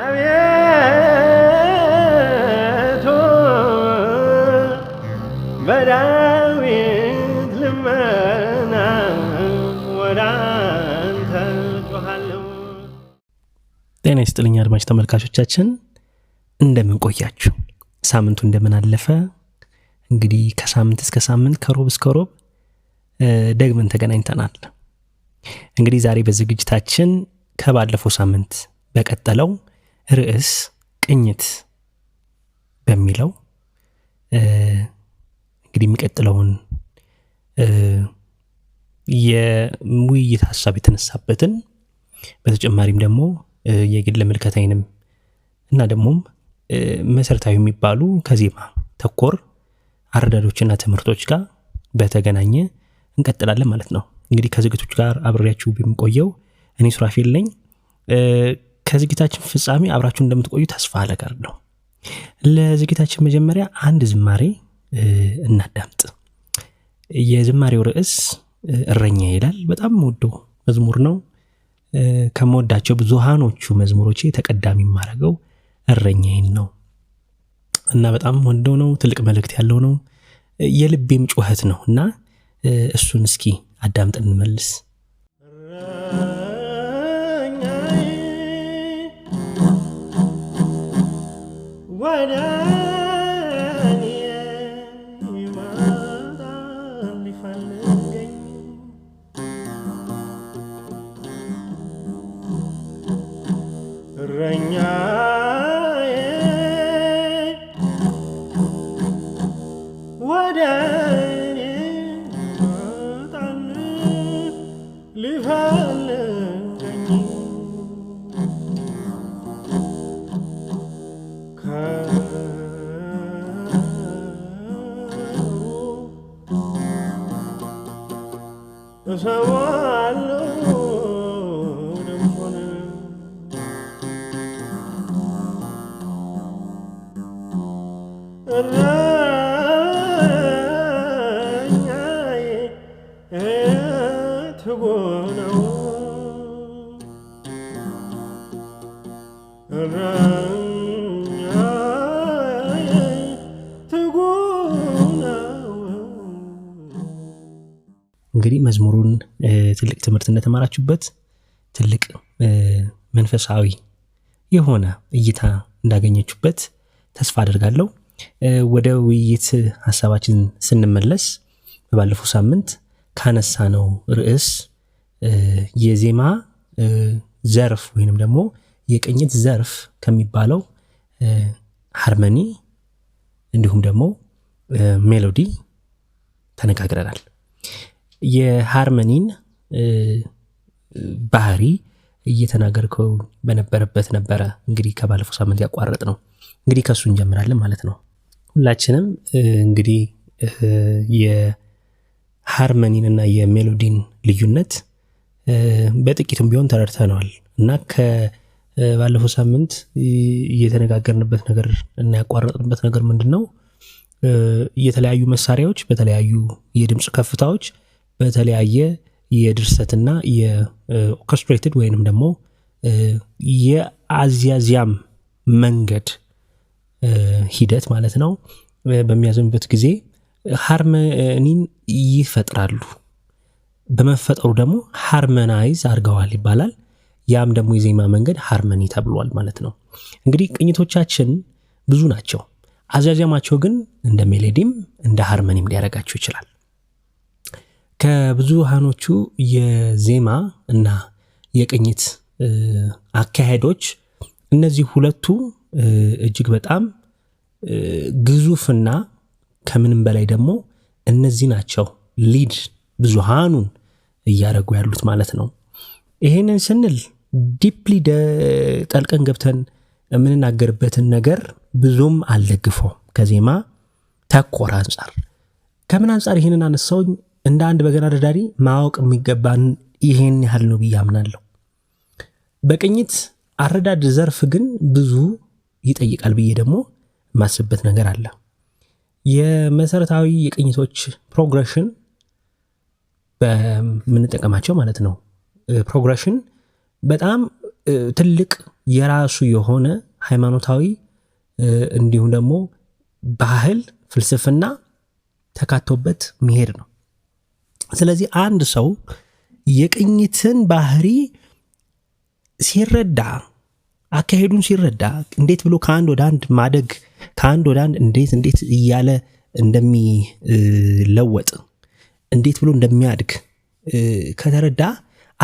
አቤቱ በዳዊት ልመና ወደ ጤና ይስጥልኝ አድማጭ ተመልካቾቻችን እንደምን ቆያችሁ? ሳምንቱ እንደምን አለፈ? እንግዲህ ከሳምንት እስከ ሳምንት ከሮብ እስከ ሮብ ደግመን ተገናኝተናል። እንግዲህ ዛሬ በዝግጅታችን ከባለፈው ሳምንት በቀጠለው ርዕስ ቅኝት በሚለው እንግዲህ የሚቀጥለውን የውይይት ሀሳብ የተነሳበትን በተጨማሪም ደግሞ የግል ምልከታይንም እና ደግሞም መሰረታዊ የሚባሉ ከዜማ ተኮር አረዳዶችና ትምህርቶች ጋር በተገናኘ እንቀጥላለን ማለት ነው። እንግዲህ ከዝግቶች ጋር አብሬያችሁ የሚቆየው እኔ ሱራፌል ነኝ። ከዝግታችን ፍጻሜ አብራችሁ እንደምትቆዩ ተስፋ ነው። ለዝግታችን መጀመሪያ አንድ ዝማሬ እናዳምጥ። የዝማሬው ርዕስ እረኛ ይላል። በጣም ወዶ መዝሙር ነው። ከመወዳቸው ብዙሃኖቹ መዝሙሮች ተቀዳሚ የማደርገው እረኛዬን ነው እና በጣም ወደው ነው። ትልቅ መልእክት ያለው ነው። የልቤም ጩኸት ነው እና እሱን እስኪ አዳምጥ እንመልስ። love. እንግዲህ መዝሙሩን ትልቅ ትምህርት እንደተማራችሁበት ትልቅ መንፈሳዊ የሆነ እይታ እንዳገኘችበት ተስፋ አድርጋለሁ። ወደ ውይይት ሀሳባችን ስንመለስ በባለፈው ሳምንት ካነሳ ነው ርዕስ የዜማ ዘርፍ ወይንም ደግሞ የቅኝት ዘርፍ ከሚባለው ሃርመኒ እንዲሁም ደግሞ ሜሎዲ ተነጋግረናል። የሃርመኒን ባህሪ እየተናገርከው በነበረበት ነበረ። እንግዲህ ከባለፈው ሳምንት ያቋረጥ ነው። እንግዲህ ከእሱ እንጀምራለን ማለት ነው። ሁላችንም እንግዲህ የሃርመኒን እና የሜሎዲን ልዩነት በጥቂቱም ቢሆን ተረድተነዋል እና ከባለፈው ሳምንት እየተነጋገርንበት ነገር እና ያቋረጥንበት ነገር ምንድን ነው? የተለያዩ መሳሪያዎች በተለያዩ የድምፅ ከፍታዎች በተለያየ የድርሰትና የኦርኬስትሬትድ ወይንም ደግሞ የአዚያዚያም መንገድ ሂደት ማለት ነው በሚያዘምበት ጊዜ ሃርመኒን ይፈጥራሉ። በመፈጠሩ ደግሞ ሃርመናይዝ አድርገዋል ይባላል። ያም ደግሞ የዜማ መንገድ ሃርመኒ ተብሏል ማለት ነው። እንግዲህ ቅኝቶቻችን ብዙ ናቸው። አዛዣማቸው ግን እንደ ሜሌዲም እንደ ሃርመኒም ሊያደርጋቸው ይችላል። ከብዙሃኖቹ የዜማ እና የቅኝት አካሄዶች እነዚህ ሁለቱ እጅግ በጣም ግዙፍና ከምንም በላይ ደግሞ እነዚህ ናቸው ሊድ ብዙሃኑን እያደረጉ ያሉት ማለት ነው። ይሄንን ስንል ዲፕሊ ጠልቀን ገብተን የምንናገርበትን ነገር ብዙም አልደግፈውም። ከዜማ ተኮር አንጻር ከምን አንጻር ይህንን አነሳውኝ? እንደ አንድ በገና ደርዳሪ ማወቅ የሚገባን ይሄን ያህል ነው ብዬ አምናለሁ። በቅኝት አረዳድ ዘርፍ ግን ብዙ ይጠይቃል ብዬ ደግሞ የማስብበት ነገር አለ። የመሰረታዊ የቅኝቶች ፕሮግሬሽን በምንጠቀማቸው ማለት ነው። ፕሮግረሽን በጣም ትልቅ የራሱ የሆነ ሃይማኖታዊ እንዲሁም ደግሞ ባህል፣ ፍልስፍና ተካቶበት መሄድ ነው። ስለዚህ አንድ ሰው የቅኝትን ባህሪ ሲረዳ አካሄዱን ሲረዳ እንዴት ብሎ ከአንድ ወደ አንድ ማደግ ከአንድ ወደ አንድ እንዴት እንዴት እያለ እንደሚለወጥ እንዴት ብሎ እንደሚያድግ ከተረዳ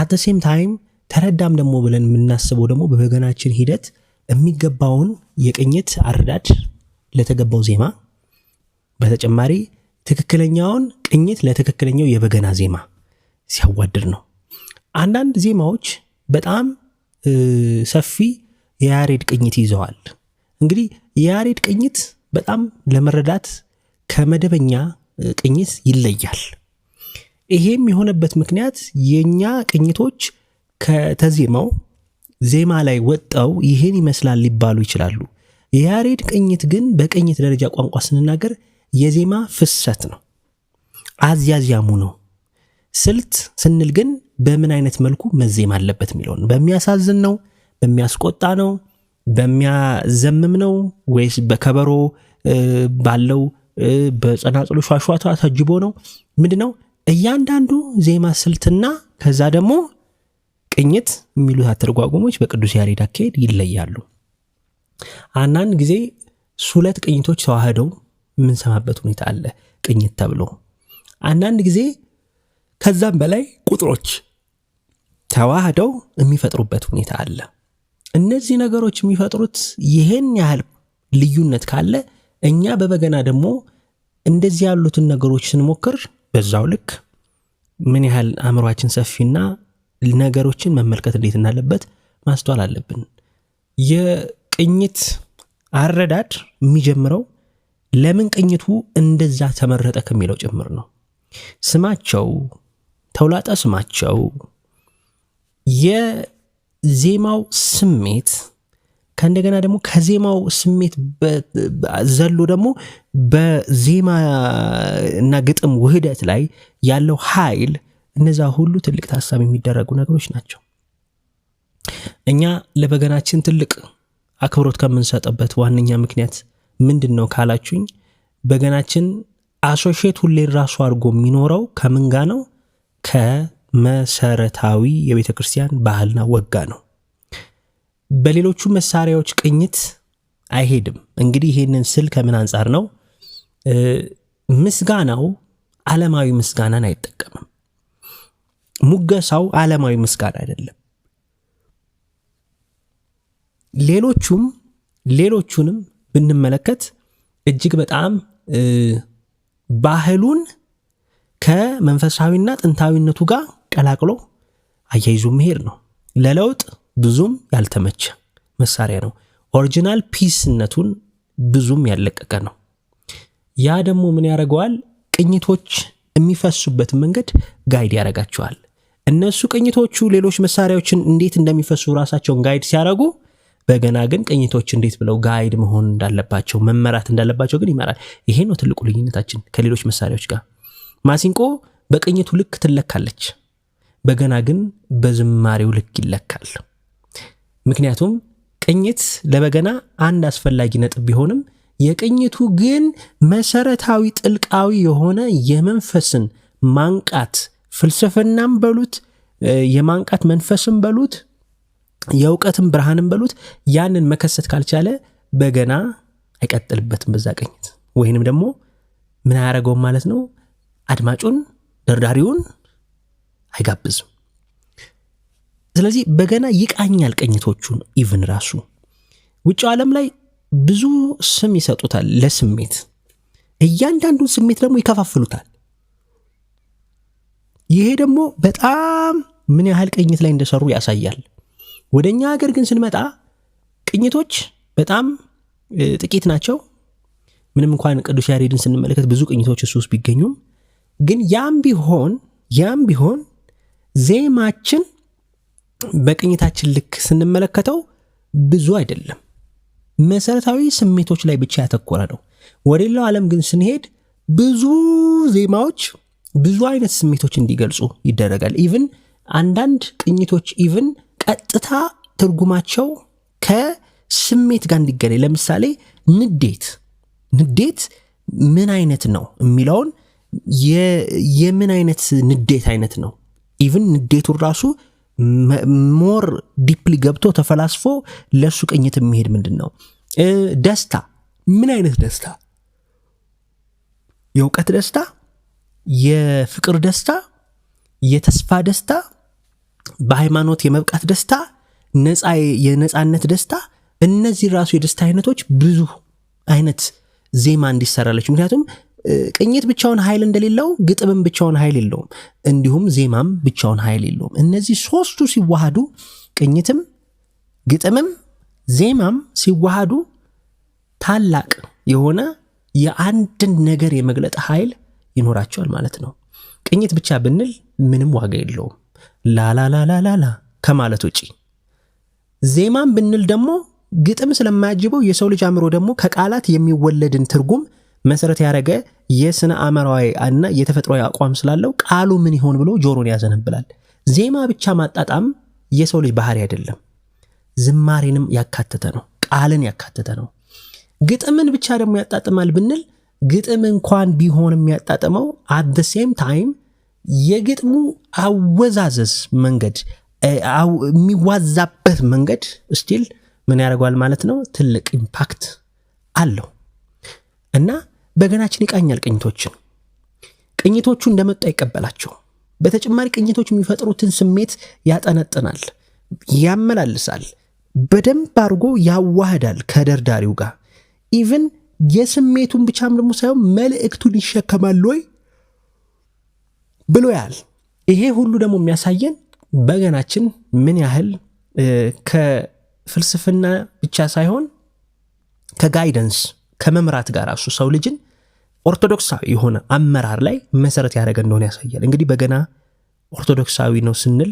አት ሴም ታይም ተረዳም ደግሞ ብለን የምናስበው ደግሞ በበገናችን ሂደት የሚገባውን የቅኝት አረዳድ ለተገባው ዜማ በተጨማሪ ትክክለኛውን ቅኝት ለትክክለኛው የበገና ዜማ ሲያዋድር ነው። አንዳንድ ዜማዎች በጣም ሰፊ የያሬድ ቅኝት ይዘዋል። እንግዲህ የያሬድ ቅኝት በጣም ለመረዳት ከመደበኛ ቅኝት ይለያል። ይሄም የሆነበት ምክንያት የእኛ ቅኝቶች ከተዜማው ዜማ ላይ ወጣው ይህን ይመስላል ሊባሉ ይችላሉ። የያሬድ ቅኝት ግን በቅኝት ደረጃ ቋንቋ ስንናገር የዜማ ፍሰት ነው፣ አዝያዝያሙ ነው። ስልት ስንል ግን በምን አይነት መልኩ መዜም አለበት የሚለውን በሚያሳዝን ነው፣ በሚያስቆጣ ነው፣ በሚያዘምም ነው ወይስ በከበሮ ባለው በጸናጽሎ ሿሿታ ታጅቦ ነው ምንድነው? እያንዳንዱ ዜማ ስልትና ከዛ ደግሞ ቅኝት የሚሉት አተርጓጉሞች በቅዱስ ያሬድ አካሄድ ይለያሉ። አንዳንድ ጊዜ ሁለት ቅኝቶች ተዋህደው የምንሰማበት ሁኔታ አለ ቅኝት ተብሎ። አንዳንድ ጊዜ ከዛም በላይ ቁጥሮች ተዋህደው የሚፈጥሩበት ሁኔታ አለ። እነዚህ ነገሮች የሚፈጥሩት ይህን ያህል ልዩነት ካለ እኛ በበገና ደግሞ እንደዚህ ያሉትን ነገሮች ስንሞክር በዛው ልክ ምን ያህል አእምሯችን ሰፊና ነገሮችን መመልከት እንዴት እንዳለበት ማስተዋል አለብን። የቅኝት አረዳድ የሚጀምረው ለምን ቅኝቱ እንደዛ ተመረጠ ከሚለው ጭምር ነው። ስማቸው ተውላጠ ስማቸው የዜማው ስሜት ከእንደገና ደግሞ ከዜማው ስሜት ዘሎ ደግሞ በዜማ እና ግጥም ውህደት ላይ ያለው ኃይል እነዛ ሁሉ ትልቅ ታሳብ የሚደረጉ ነገሮች ናቸው። እኛ ለበገናችን ትልቅ አክብሮት ከምንሰጥበት ዋነኛ ምክንያት ምንድን ነው ካላችሁኝ፣ በገናችን አሶሽት ሁሌን ራሱ አድርጎ የሚኖረው ከምን ጋ ነው? ከመሰረታዊ የቤተ ክርስቲያን ባህልና ወጋ ነው። በሌሎቹ መሳሪያዎች ቅኝት አይሄድም። እንግዲህ ይሄንን ስል ከምን አንጻር ነው? ምስጋናው አለማዊ ምስጋናን አይጠቀምም። ሙገሳው አለማዊ ምስጋና አይደለም። ሌሎቹም ሌሎቹንም ብንመለከት እጅግ በጣም ባህሉን ከመንፈሳዊና ጥንታዊነቱ ጋር ቀላቅሎ አያይዞ መሄድ ነው ለለውጥ ብዙም ያልተመቸ መሳሪያ ነው። ኦሪጂናል ፒስነቱን ብዙም ያለቀቀ ነው። ያ ደግሞ ምን ያደርገዋል? ቅኝቶች የሚፈሱበትን መንገድ ጋይድ ያደርጋቸዋል። እነሱ ቅኝቶቹ ሌሎች መሳሪያዎችን እንዴት እንደሚፈሱ ራሳቸውን ጋይድ ሲያደርጉ፣ በገና ግን ቅኝቶች እንዴት ብለው ጋይድ መሆን እንዳለባቸው መመራት እንዳለባቸው ግን ይመራል። ይሄ ነው ትልቁ ልዩነታችን ከሌሎች መሳሪያዎች ጋር። ማሲንቆ በቅኝቱ ልክ ትለካለች፣ በገና ግን በዝማሬው ልክ ይለካል። ምክንያቱም ቅኝት ለበገና አንድ አስፈላጊ ነጥብ ቢሆንም የቅኝቱ ግን መሰረታዊ ጥልቃዊ የሆነ የመንፈስን ማንቃት ፍልስፍናም በሉት የማንቃት መንፈስም በሉት የእውቀትም ብርሃንም በሉት ያንን መከሰት ካልቻለ በገና አይቀጥልበትም በዛ ቅኝት። ወይንም ደግሞ ምን አያደረገውም ማለት ነው፣ አድማጩን ደርዳሪውን አይጋብዝም። ስለዚህ በገና ይቃኛል ቅኝቶቹን። ኢቭን ራሱ ውጭው ዓለም ላይ ብዙ ስም ይሰጡታል ለስሜት። እያንዳንዱን ስሜት ደግሞ ይከፋፍሉታል። ይሄ ደግሞ በጣም ምን ያህል ቅኝት ላይ እንደሰሩ ያሳያል። ወደ እኛ ሀገር ግን ስንመጣ ቅኝቶች በጣም ጥቂት ናቸው። ምንም እንኳን ቅዱስ ያሬድን ስንመለከት ብዙ ቅኝቶች እሱ ውስጥ ቢገኙም ግን ያም ቢሆን ያም ቢሆን ዜማችን በቅኝታችን ልክ ስንመለከተው ብዙ አይደለም። መሰረታዊ ስሜቶች ላይ ብቻ ያተኮረ ነው። ወደ ሌላው ዓለም ግን ስንሄድ ብዙ ዜማዎች ብዙ አይነት ስሜቶች እንዲገልጹ ይደረጋል። ኢቭን አንዳንድ ቅኝቶች ኢቭን ቀጥታ ትርጉማቸው ከስሜት ጋር እንዲገናኝ፣ ለምሳሌ ንዴት ንዴት ምን አይነት ነው የሚለውን የምን አይነት ንዴት አይነት ነው ኢቭን ንዴቱን ራሱ ሞር ዲፕሊ ገብቶ ተፈላስፎ ለእሱ ቅኝት የሚሄድ ምንድን ነው ደስታ ምን አይነት ደስታ የእውቀት ደስታ የፍቅር ደስታ የተስፋ ደስታ በሃይማኖት የመብቃት ደስታ የነፃነት ደስታ እነዚህ ራሱ የደስታ አይነቶች ብዙ አይነት ዜማ እንዲሰራለች ምክንያቱም ቅኝት ብቻውን ኃይል እንደሌለው ግጥምም ብቻውን ኃይል የለውም፣ እንዲሁም ዜማም ብቻውን ኃይል የለውም። እነዚህ ሶስቱ ሲዋሃዱ ቅኝትም ግጥምም ዜማም ሲዋሃዱ ታላቅ የሆነ የአንድን ነገር የመግለጥ ኃይል ይኖራቸዋል ማለት ነው። ቅኝት ብቻ ብንል ምንም ዋጋ የለውም ላላላላላላ ከማለት ውጪ። ዜማም ብንል ደግሞ ግጥም ስለማያጅበው የሰው ልጅ አእምሮ ደግሞ ከቃላት የሚወለድን ትርጉም መሰረት ያደረገ የስነ አእምሯዊ እና የተፈጥሯዊ አቋም ስላለው ቃሉ ምን ይሆን ብሎ ጆሮን ያዘነብላል። ዜማ ብቻ ማጣጣም የሰው ልጅ ባህሪ አይደለም። ዝማሬንም ያካተተ ነው፣ ቃልን ያካተተ ነው። ግጥምን ብቻ ደግሞ ያጣጥማል ብንል ግጥም እንኳን ቢሆን የሚያጣጥመው አት ደ ሴም ታይም የግጥሙ አወዛዘዝ መንገድ የሚዋዛበት መንገድ ስቲል ምን ያደርገዋል ማለት ነው ትልቅ ኢምፓክት አለው እና በገናችን ይቃኛል ቅኝቶችን። ቅኝቶቹ እንደመጡ አይቀበላቸው። በተጨማሪ ቅኝቶች የሚፈጥሩትን ስሜት ያጠነጥናል፣ ያመላልሳል፣ በደንብ አድርጎ ያዋህዳል ከደርዳሪው ጋር ኢቭን የስሜቱን ብቻም ደግሞ ሳይሆን መልእክቱን ይሸከማል ወይ ብሎ ያል። ይሄ ሁሉ ደግሞ የሚያሳየን በገናችን ምን ያህል ከፍልስፍና ብቻ ሳይሆን ከጋይደንስ ከመምራት ጋር እሱ ሰው ልጅን ኦርቶዶክሳዊ የሆነ አመራር ላይ መሰረት ያደረገ እንደሆነ ያሳያል። እንግዲህ በገና ኦርቶዶክሳዊ ነው ስንል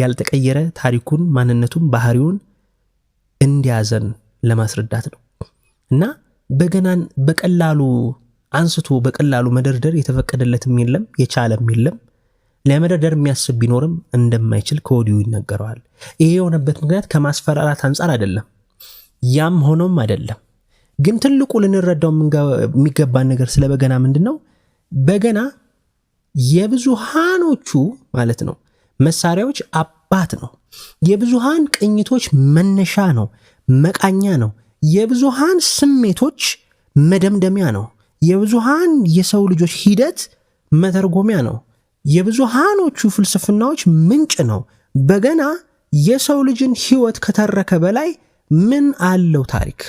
ያልተቀየረ ታሪኩን፣ ማንነቱን፣ ባህሪውን እንዲያዘን ለማስረዳት ነው እና በገናን በቀላሉ አንስቶ በቀላሉ መደርደር የተፈቀደለትም የለም የቻለም የለም። ለመደርደር የሚያስብ ቢኖርም እንደማይችል ከወዲሁ ይነገረዋል። ይሄ የሆነበት ምክንያት ከማስፈራራት አንጻር አይደለም፣ ያም ሆኖም አይደለም ግን ትልቁ ልንረዳው የሚገባን ነገር ስለ በገና ምንድን ነው? በገና የብዙሃኖቹ ማለት ነው መሳሪያዎች አባት ነው። የብዙሃን ቅኝቶች መነሻ ነው፣ መቃኛ ነው። የብዙሃን ስሜቶች መደምደሚያ ነው። የብዙሃን የሰው ልጆች ሂደት መተርጎሚያ ነው። የብዙሃኖቹ ፍልስፍናዎች ምንጭ ነው። በገና የሰው ልጅን ህይወት ከተረከ በላይ ምን አለው ታሪክ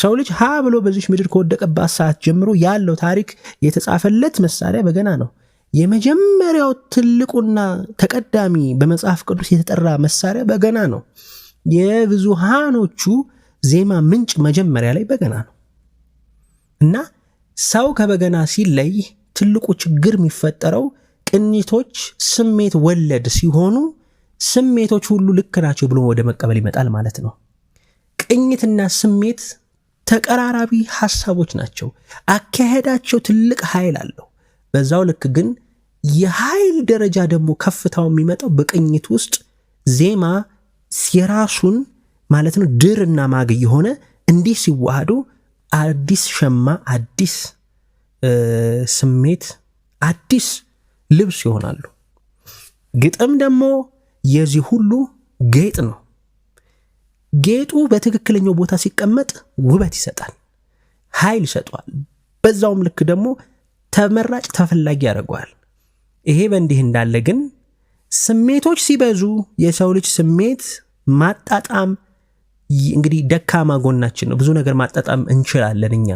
ሰው ልጅ ሀ ብሎ በዚች ምድር ከወደቀባት ሰዓት ጀምሮ ያለው ታሪክ የተጻፈለት መሳሪያ በገና ነው። የመጀመሪያው ትልቁና ተቀዳሚ በመጽሐፍ ቅዱስ የተጠራ መሳሪያ በገና ነው። የብዙሃኖቹ ዜማ ምንጭ መጀመሪያ ላይ በገና ነው እና ሰው ከበገና ሲለይ ትልቁ ችግር የሚፈጠረው ቅኝቶች ስሜት ወለድ ሲሆኑ ስሜቶች ሁሉ ልክ ናቸው ብሎ ወደ መቀበል ይመጣል ማለት ነው። ቅኝትና ስሜት ተቀራራቢ ሀሳቦች ናቸው። አካሄዳቸው ትልቅ ኃይል አለው። በዛው ልክ ግን የኃይል ደረጃ ደግሞ ከፍታው የሚመጣው በቅኝት ውስጥ ዜማ የራሱን ማለት ነው ድር እና ማግ የሆነ እንዲህ ሲዋሃዱ አዲስ ሸማ፣ አዲስ ስሜት፣ አዲስ ልብስ ይሆናሉ። ግጥም ደግሞ የዚህ ሁሉ ጌጥ ነው። ጌጡ በትክክለኛው ቦታ ሲቀመጥ ውበት ይሰጣል፣ ኃይል ይሰጠዋል። በዛውም ልክ ደግሞ ተመራጭ ተፈላጊ ያደርገዋል። ይሄ በእንዲህ እንዳለ ግን ስሜቶች ሲበዙ የሰው ልጅ ስሜት ማጣጣም እንግዲህ ደካማ ጎናችን ነው። ብዙ ነገር ማጣጣም እንችላለን እኛ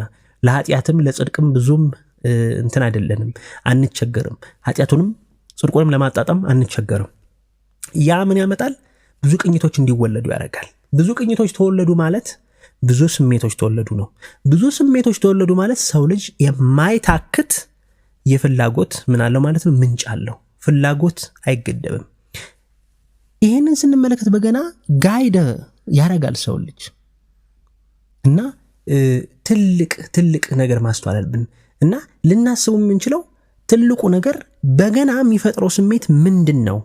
ለኃጢአትም ለጽድቅም ብዙም እንትን አይደለንም፣ አንቸገርም። ኃጢአቱንም ጽድቁንም ለማጣጣም አንቸገርም። ያ ምን ያመጣል? ብዙ ቅኝቶች እንዲወለዱ ያደርጋል። ብዙ ቅኝቶች ተወለዱ ማለት ብዙ ስሜቶች ተወለዱ ነው። ብዙ ስሜቶች ተወለዱ ማለት ሰው ልጅ የማይታክት የፍላጎት ምን አለው ማለት ነው፣ ምንጭ አለው። ፍላጎት አይገደብም። ይህንን ስንመለከት በገና ጋይደ ያረጋል ሰው ልጅ እና ትልቅ ትልቅ ነገር ማስተዋል አለብን እና ልናስቡ የምንችለው ትልቁ ነገር በገና የሚፈጥረው ስሜት ምንድን ነው?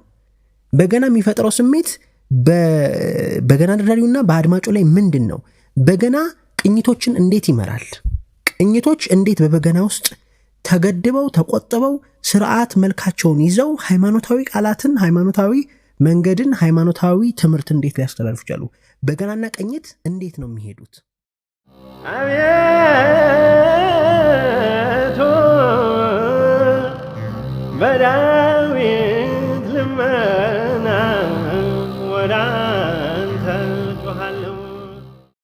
በገና የሚፈጥረው ስሜት በገና ደርዳሪውና በአድማጩ ላይ ምንድን ነው? በገና ቅኝቶችን እንዴት ይመራል? ቅኝቶች እንዴት በበገና ውስጥ ተገድበው ተቆጥበው ስርዓት መልካቸውን ይዘው ሃይማኖታዊ ቃላትን፣ ሃይማኖታዊ መንገድን፣ ሃይማኖታዊ ትምህርት እንዴት ሊያስተላልፉ ይችላሉ? በገናና ቅኝት እንዴት ነው የሚሄዱት? አቤቱ